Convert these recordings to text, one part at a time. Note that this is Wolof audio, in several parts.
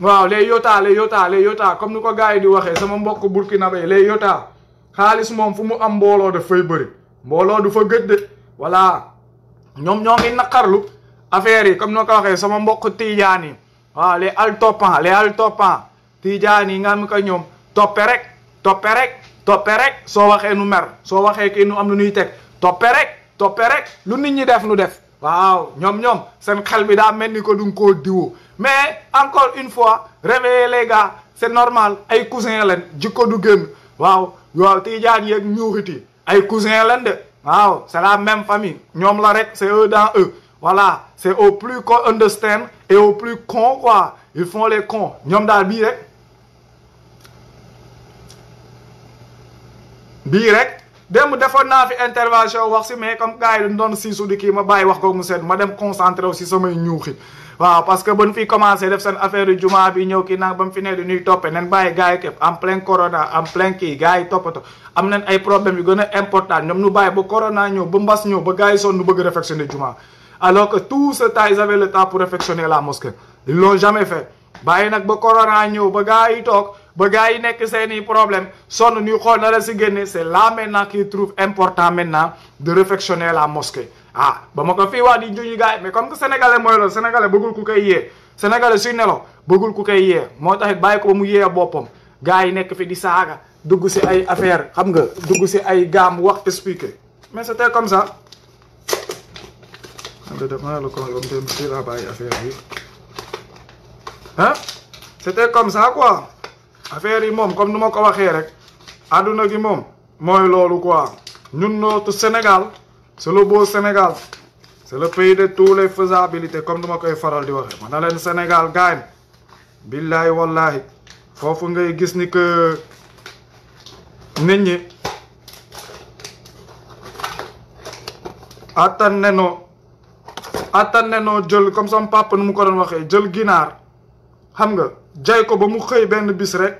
waaw les yota les yota les yota comme ni ko di waxee sama mbokk burkinabé les yota xaalis moom fu mu am mbooloo daf fay bëri mbooloo du fa gëj de voilà ñoom ñoo ngi naqarlu affaire yi comme ni ko sama mbokk tijaan yi waaw les altopan les altopan tijaan ngam nga am ko toperek, toperek. rek toppe rek so rek soo waxee nu mer soo nu am lu rek rek lu nit ñi def nu def waaw ñoom ñoom seen xel bi daa mel ni ko duñ mais encore une fois réveillez les gars c'est normal ay cousins, leen du génn ay cousin c'est la même famille la c'est eux dans eux voilà c'est au plus qu'on understand et au plus con quoi ils font les cons ils sont dans rek démb defoon na fi intervention wax si mais comme gars yi duñ doon siisu di kii ma bàyyi wax ko mu seen ma dem concentrer aussi samay ñuuxi waaw parce que ba fi commencé def sen affaire du juma bi ñëw ki nak bam fi ne di ñuy toppe nañ bàyyi gars yi képp en plein corona en plein ki gars yi topato am nañ ay problème yu gëna important ñom nu baye ba corona ñëw ba mbass ñëw ba gars yi sonn ñu bëgg réfectionner juma alors que tout ce temps ils avaient le temps pour réfectionner la mosquée ils l'ont jamais fait baye nak ba corona ñëw ba gars yi tok ba gars problème na la c'est là maintenant qu'il trouve important maintenant de réfectionner la mosquée ah ba ma ko fii juñu mais comme que sénégalais mooy Le sénégalais bëggul ku koy sénégalais bëggul ku le tax ko ba mu le fi di le affaire xam nga ay wax expliquer mais c'était comme ça ah, hein? c'était comme ça quoi affaire yi moom comme nu ma ko waxee rek àdduna gi moom mooy loolu quoi ñun nootu Sénégal c'est le beau Sénégal c'est le pays de tous les faisabilités comme nu ma koy faral di waxee ma ne leen Sénégal gaañ billahi wallahi foofu ngay gis ni que nit ñi attan nenoo attan nenoo jël comme sama papa nu mu ko doon waxee jël ginaar xam nga jay ko ba mu xëy benn bis rek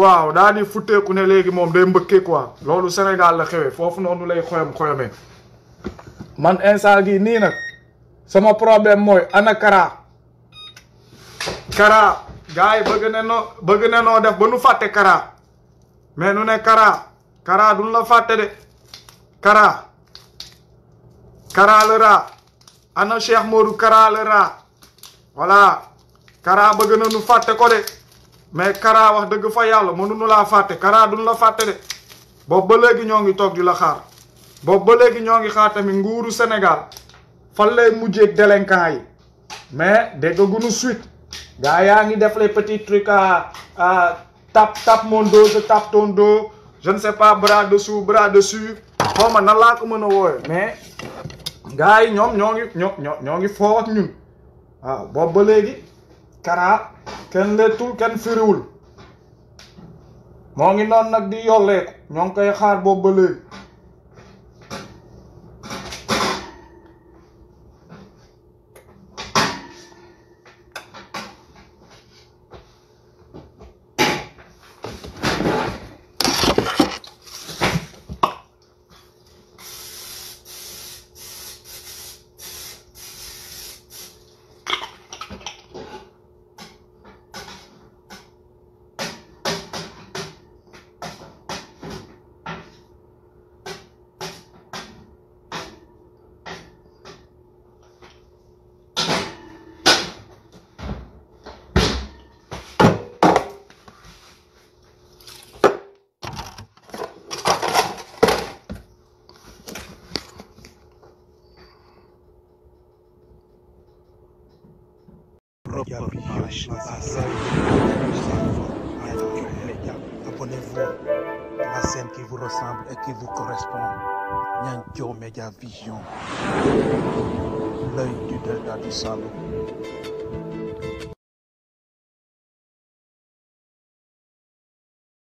waaw daa di futteeku ne léegi moom day mbëkkee quoi loolu Sénégal la xewee foofu noonu lay xoyom xoyomee man instant gi nii nag sama problème mooy ana Kara Kara gars bëgg ne noo bëgg ne noo def ba nu fàtte Kara mais nu ne Kara Kara duñ la fàtte de Kara Kara le rat ana Cheikh Modou Kara le rat voilà Kara bëgg na nu faté ko dé mais Kara wax dëgg fa mënu mënuñu la faté Kara duñ la faté dé boobu ba légui ñongi tok di la xaar bo ba légui ñongi xaar tammi nguuru Sénégal fa lay mujjé délinquant yi mais déggaguñu suite da ngi def les petits trucs à à tap tap mon dos je ton dos je ne sais pas bras dessous bras dessus xoma ma nan laa ko mëna woy mais gaay ñom ñongi ñongi fo ak ñun waaw ba kanaa kenn leetul kenn firiwul moo ngi noonu nag di yolleeku ñoo ngi koy xaar boobu ba Abonnez-vous à la scène qui vous ressemble et qui vous correspond. Nyanjo Media Vision. L'œil du delta du Salou.